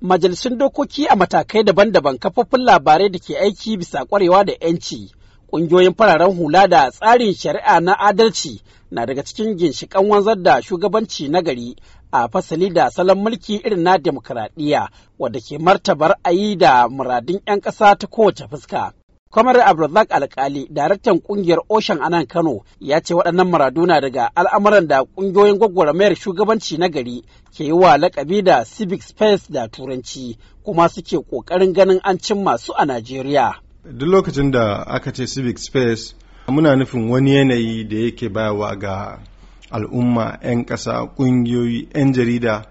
majalisun dokoki a matakai daban-daban kafofin labarai da ke aiki bisa kwarewa da 'yanci ƙungiyoyin fararen hula da tsarin shari'a na adalci na daga cikin ginshiƙan wanzar da shugabanci nagari a fasali da salon mulki irin na demokaradiyya wadda ke martaba ra'ayi da muradin 'yan ƙasa ta kowace fuska. Kwamar Abdullak Alkali, daraktan kungiyar Oshan anan Kano, ya ce waɗannan maraduna daga al'amuran da ƙungiyoyin gwagwarmayar shugabanci na gari ke yi wa lakabi da civic space da turanci kuma suke ƙoƙarin ganin an cimma su a Najeriya. Duk lokacin da aka ce civic space muna nufin wani yanayi da yake bayawa ga al'umma 'yan ƙasa ƙungiyoyi 'yan jarida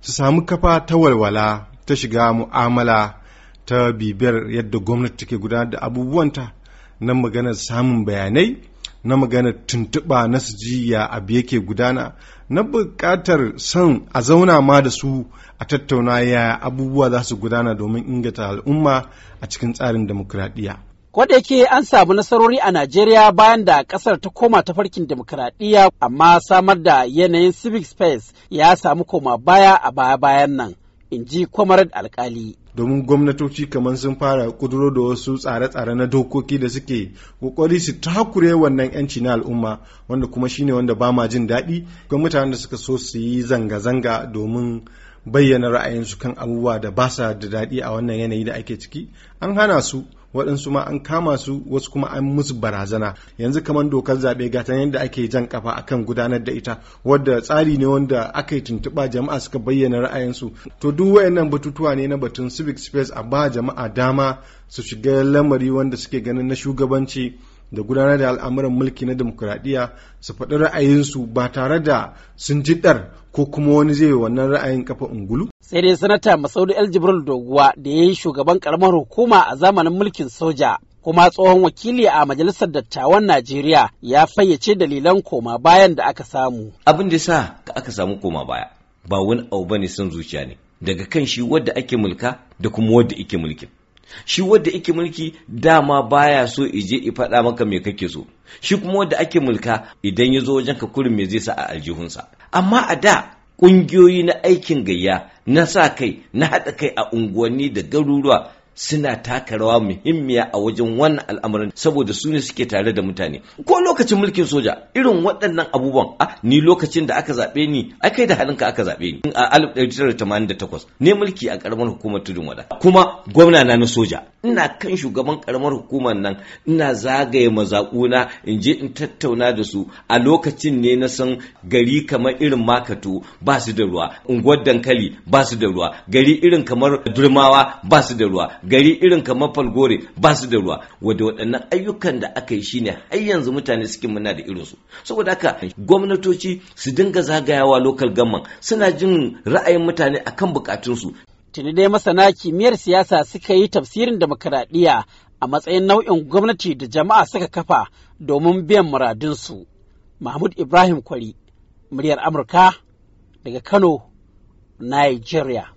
su samu kafa ta walwala ta shiga mu'amala ta bibiyar yadda gwamnati take gudanar da abubuwanta na maganar samun bayanai na maganar tuntuɓa na su ji ya abu yake gudana na buƙatar son a zauna ma da su a tattauna ya abubuwa za su gudana domin inganta al'umma a cikin tsarin demokuraɗiyya. yake an samu nasarori a Najeriya bayan da kasar ta koma ta farkin demokuraɗiyya amma samar da yanayin civic space ya samu koma baya a baya-bayan nan. in ji kwamarar alkali. domin gwamnatoci kamar sun fara kuduro da wasu tsare-tsare na dokoki da suke kokari su takure wannan yanci na al'umma wanda kuma shine wanda ba ma jin daɗi ga mutanen da suka so su yi zanga-zanga domin bayyana ra'ayinsu kan abubuwa da ba sa da daɗi a wannan yanayi da ake ciki an hana su waɗansu ma an kama su wasu kuma an musu barazana yanzu kamar dokar zaɓe gata yadda ake jan kafa akan gudanar da ita wadda tsari ne wanda aka yi tuntuɓa jama'a suka bayyana ra'ayinsu to duk wayannan batutuwa ne na batun civic space a ba jama'a dama su shiga lamari wanda suke ganin na shugabanci da gudanar da al'amuran mulki na demokuraɗiyya su faɗi ra'ayinsu ba tare da sun jiɗar ko kuma wani zai wannan ra'ayin kafa ungulu. sai dai sanata masaudi el jibril doguwa da ya yi shugaban karamar hukuma a zamanin mulkin soja kuma tsohon wakili a majalisar dattawan najeriya ya fayyace dalilan koma bayan da aka samu. abin da sa aka samu koma baya ba wani abu bane son zuciya ne daga kan shi wadda ake mulka da kuma wadda ake mulkin. shi wadda yake mulki dama baya so ije i faɗa maka me kake so shi kuma wanda ake mulka idan ya zo wajen ka kurin me zai sa a aljihunsa amma a da ƙungiyoyi na aikin gayya na sa kai na haɗa kai a unguwanni da garuruwa suna taka rawa muhimmiya a wajen wannan al'amarin saboda su ne suke tare da mutane ko lokacin mulkin soja irin waɗannan abubuwan a ah, ni lokacin da aka zaɓe ni a kai da halinka aka zaɓe ni a 1988 ne mulki a ƙaramar hukumar tudun wada kuma gwamna na na soja ina kan shugaban ƙaramar hukumar nan ina zagaye mazaƙuna in je in tattauna da su a lokacin ne na san gari kamar irin makato ba su da ruwa unguwar dankali ba su da ruwa gari irin kamar durmawa ba su da ruwa gari irin kamar falgore ba su da ruwa wadda waɗannan ayyukan da aka yi shine har yanzu mutane suke muna da irin su. saboda haka gwamnatoci su dinga zagayawa lokal gamman suna jin ra'ayin mutane akan su tuni dai masana kimiyyar siyasa suka yi tafsirin demokaradiyya a matsayin nau'in gwamnati da jama'a suka kafa domin biyan muradinsu mahmud ibrahim kwari muryar amurka daga kano nigeria